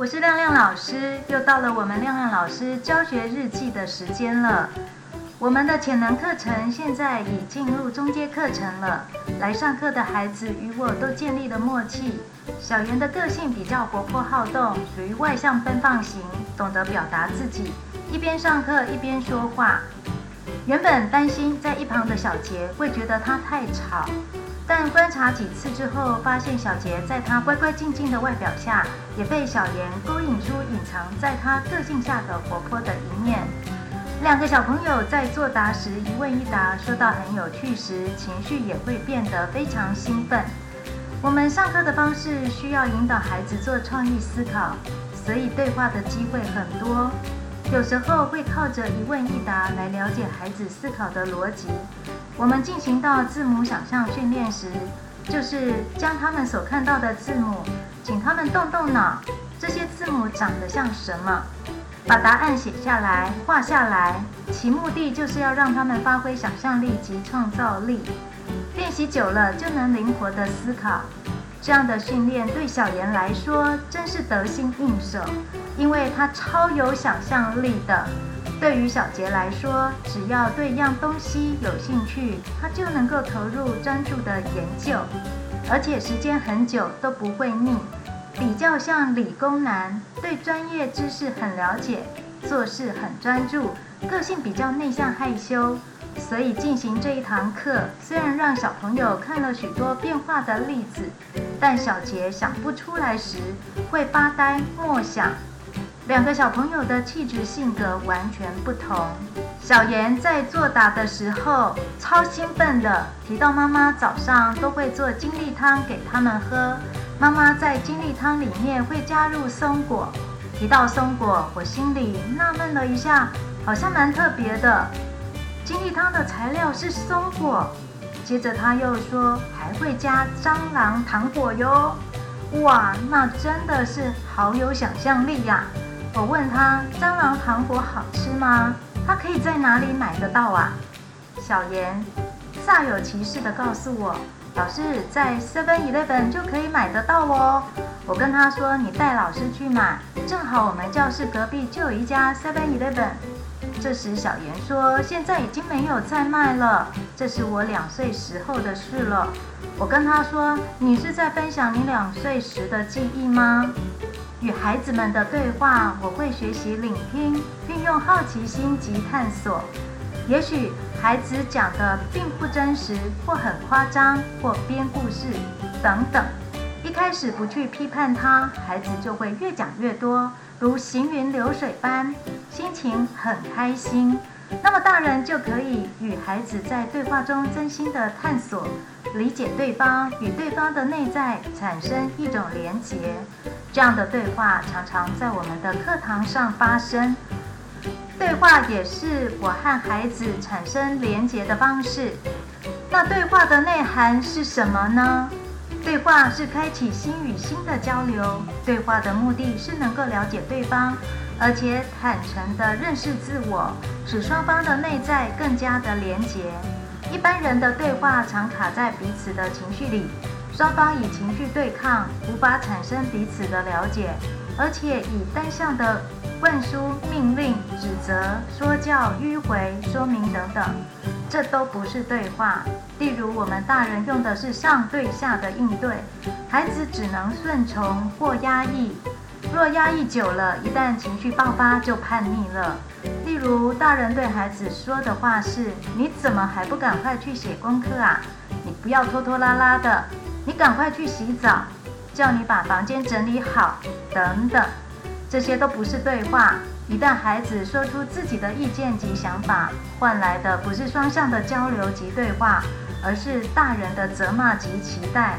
我是亮亮老師，又到了我們亮亮老師教學日記的時間了。我們的潛能課程現在已進入中階課程了，來上課的孩子與我都建立了默契。小圓的個性比較活潑好動，屬於外向奔放型，懂得表達自己，一邊上課一邊說話。原本擔心在一旁的小傑會覺得他太吵。但觀察幾次之後，發現小杰在他乖乖靜靜的外表下，也被小妍勾引出隱藏在他個性下的活潑的一面。兩個小朋友在作答時一問一答，說到很有趣時，情緒也會變得非常興奮。我們上課的方式需要引導孩子做創意思考，所以對話的機會很多。有時候會靠着一問一答來了解孩子思考的邏輯。我們進行到字母想象訓練時，就是將他們所看到的字母，請他們動動腦，這些字母長得像什麼？把答案寫下來、畫下來。其目的就是要讓他們發揮想象力及創造力。練習久了就能靈活地思考。這樣的訓練對小嚴來說真是得心應手，因為他超有想象力的。對於小傑來說，只要對一樣東西有興趣，他就能夠投入專注的研究，而且時間很久都不會膩。比較像理工男，對專業知識很了解，做事很專注，個性比較內向害羞。所以進行這一堂課，雖然讓小朋友看了許多變化的例子，但小傑想不出來時會發呆默想。兩個小朋友的氣質性格完全不同。小妍在作答的時候超興奮的，提到媽媽早上都會做精力湯給他們喝，媽媽在精力湯裡面會加入松果。提到松果，我心裡納悶了一下，好像蠻特別的。精力湯的材料是松果。接着她又說還會加蟑螂糖果喲，哇，那真的是好有想象力呀、啊！我問他蟑螂糖果好吃嗎？他可以在哪裡買得到啊？小妍煞有其事地告訴我，老師在 Seven Eleven 就可以買得到哦。我跟他說，你帶老師去買，正好我們教室隔壁就有一家 Seven Eleven。這時小妍說，現在已經沒有在賣了，這是我兩歲時候的事了。我跟他說，你是在分享你兩歲時的記憶嗎？與孩子們的對話，我會學習聆聽、運用好奇心及探索。也許孩子講的並不真實，或很誇張，或編故事等等。一開始不去批判他，孩子就會越講越多，如行雲流水般，心情很開心。那麼，大人就可以與孩子在對話中真心的探索、理解對方，與對方的內在產生一種連結。這樣的對話常常在我們的課堂上發生。對話也是我和孩子產生連結的方式。那對話的內涵是什麼呢？對話是開啟心與心的交流，對話的目的是能夠了解對方，而且坦誠地認識自我，使雙方的內在更加的連結。一般人的對話常卡在彼此的情緒裡，雙方以情緒對抗，無法產生彼此的了解。而且以單向的問、書、命令、指責、說教、迂迴說明等等，這都不是對話。例如，我們大人用的是上對下的應對，孩子只能順從或壓抑。若壓抑久了，一旦情緒爆發就叛逆了。例如，大人對孩子說的話是：“你怎麼還不趕快去寫功課啊？你不要拖拖拉拉的，你趕快去洗澡。”叫你把房間整理好，等等，這些都不是對話。一旦孩子說出自己的意見及想法，換來的不是雙向的交流及對話，而是大人的責罵及期待。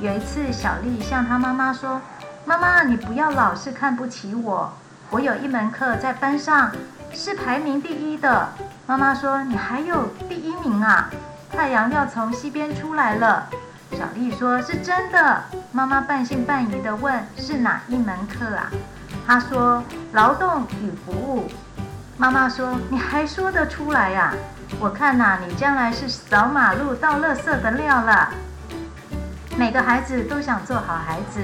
有一次，小麗向她媽媽說：“媽媽，你不要老是看不起我，我有一門課在班上是排名第一的。”媽媽說：“你還有第一名啊，太陽要從西邊出來了。”小麗說：“是真的。”媽媽半信半疑地問：“是哪一門課啊？”她說：“勞動與服務。”媽媽說：“你還說得出來呀、啊？我看吶、啊，你將來是掃馬路、倒垃圾的料了。”每個孩子都想做好孩子，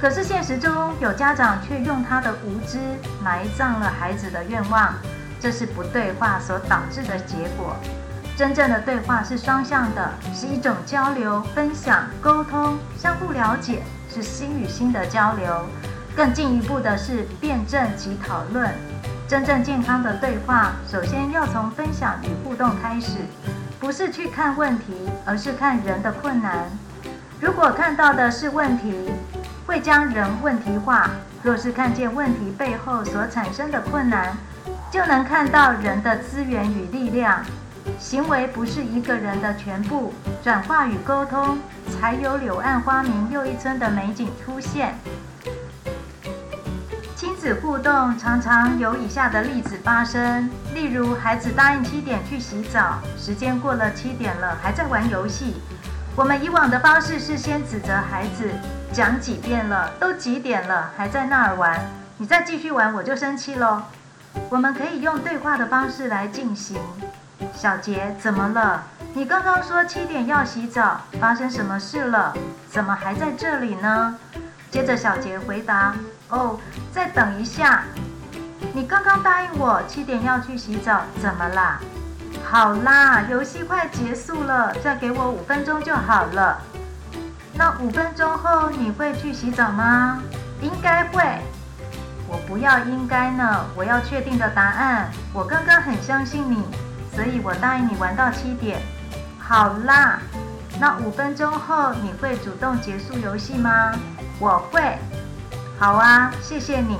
可是現實中，有家長卻用他的無知埋葬了孩子的願望，這是不對話所導致的結果。真正的對話是雙向的，是一種交流、分享、溝通、相互了解，是心與心的交流。更進一步的是辯證及討論。真正健康的對話，首先要從分享與互動開始，不是去看問題，而是看人的困難。如果看到的是問題，會將人問題化；若是看見問題背後所產生的困難，就能看到人的資源與力量。行為不是一個人的全部，轉化與溝通才有柳暗花明又一村的美景出現。親子互動常常有以下的例子發生，例如孩子答應七點去洗澡，時間過了七點了，還在玩遊戲。我們以往的方式是先指責孩子，講幾遍了，都幾點了，還在那兒玩，你再繼續玩，我就生氣嘍。我們可以用對話的方式來進行。小杰，怎麼了？你剛剛說七點要洗澡，發生什麼事了？怎麼還在這裡呢？接着，小杰回答：“哦，再等一下。”你剛剛答應我七點要去洗澡，怎麼啦？好啦，遊戲快結束了，再給我五分鐘就好了。那五分鐘後你會去洗澡嗎？應該會。我不要應該呢，我要確定的答案。我剛剛很相信你。所以我答應你玩到七點，好啦，那五分鐘後你會主動結束遊戲嗎？我會，好啊，謝謝你。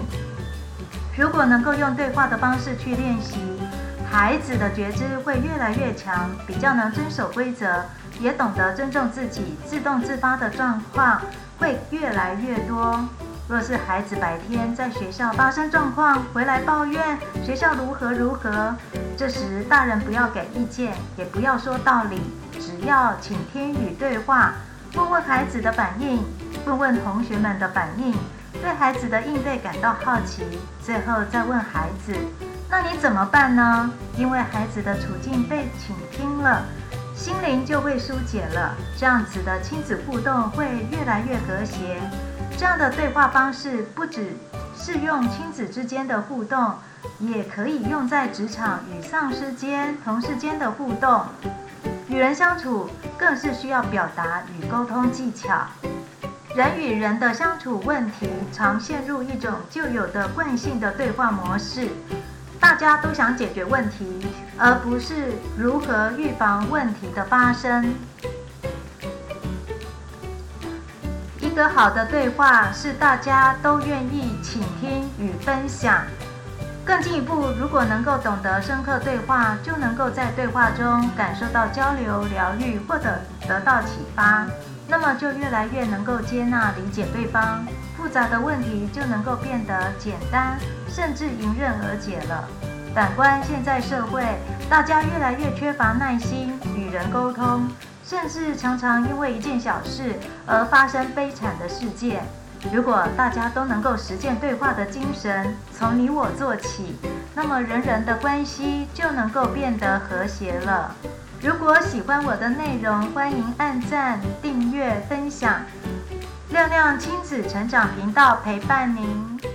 如果能夠用對話的方式去練習，孩子的覺知會越來越強，比較能遵守規則，也懂得尊重自己，自動自發的狀況會越來越多。若是孩子白天在學校發生狀況，回來抱怨學校如何如何，這時大人不要給意見，也不要說道理，只要傾聽與對話，問問孩子的反應，問問同學們的反應，對孩子的應對感到好奇，最後再問孩子，那你怎麼辦呢？因為孩子的處境被傾聽了，心靈就會疏解了，這樣子的親子互動會越來越和諧。這樣的對話方式不只適用親子之間的互動，也可以用在職場與上司間、同事間的互動。與人相處更是需要表達與溝通技巧。人與人的相處問題常陷入一種舊有的慣性的對話模式，大家都想解決問題，而不是如何預防問題的發生。一個好的對話是大家都願意傾聽與分享。更進一步，如果能夠懂得深刻對話，就能夠在對話中感受到交流、療癒或者得到啟發，那麼就越來越能夠接納、理解對方。複雜的問題就能夠變得簡單，甚至迎刃而解了。反觀現在社會，大家越來越缺乏耐心與人溝通。甚至常常因為一件小事而發生悲慘的事件。如果大家都能夠實踐對話的精神，從你我做起，那麼人人的關係就能夠變得和諧了。如果喜歡我的內容，歡迎按讚、訂閱、分享。亮亮親子成長頻道陪伴您。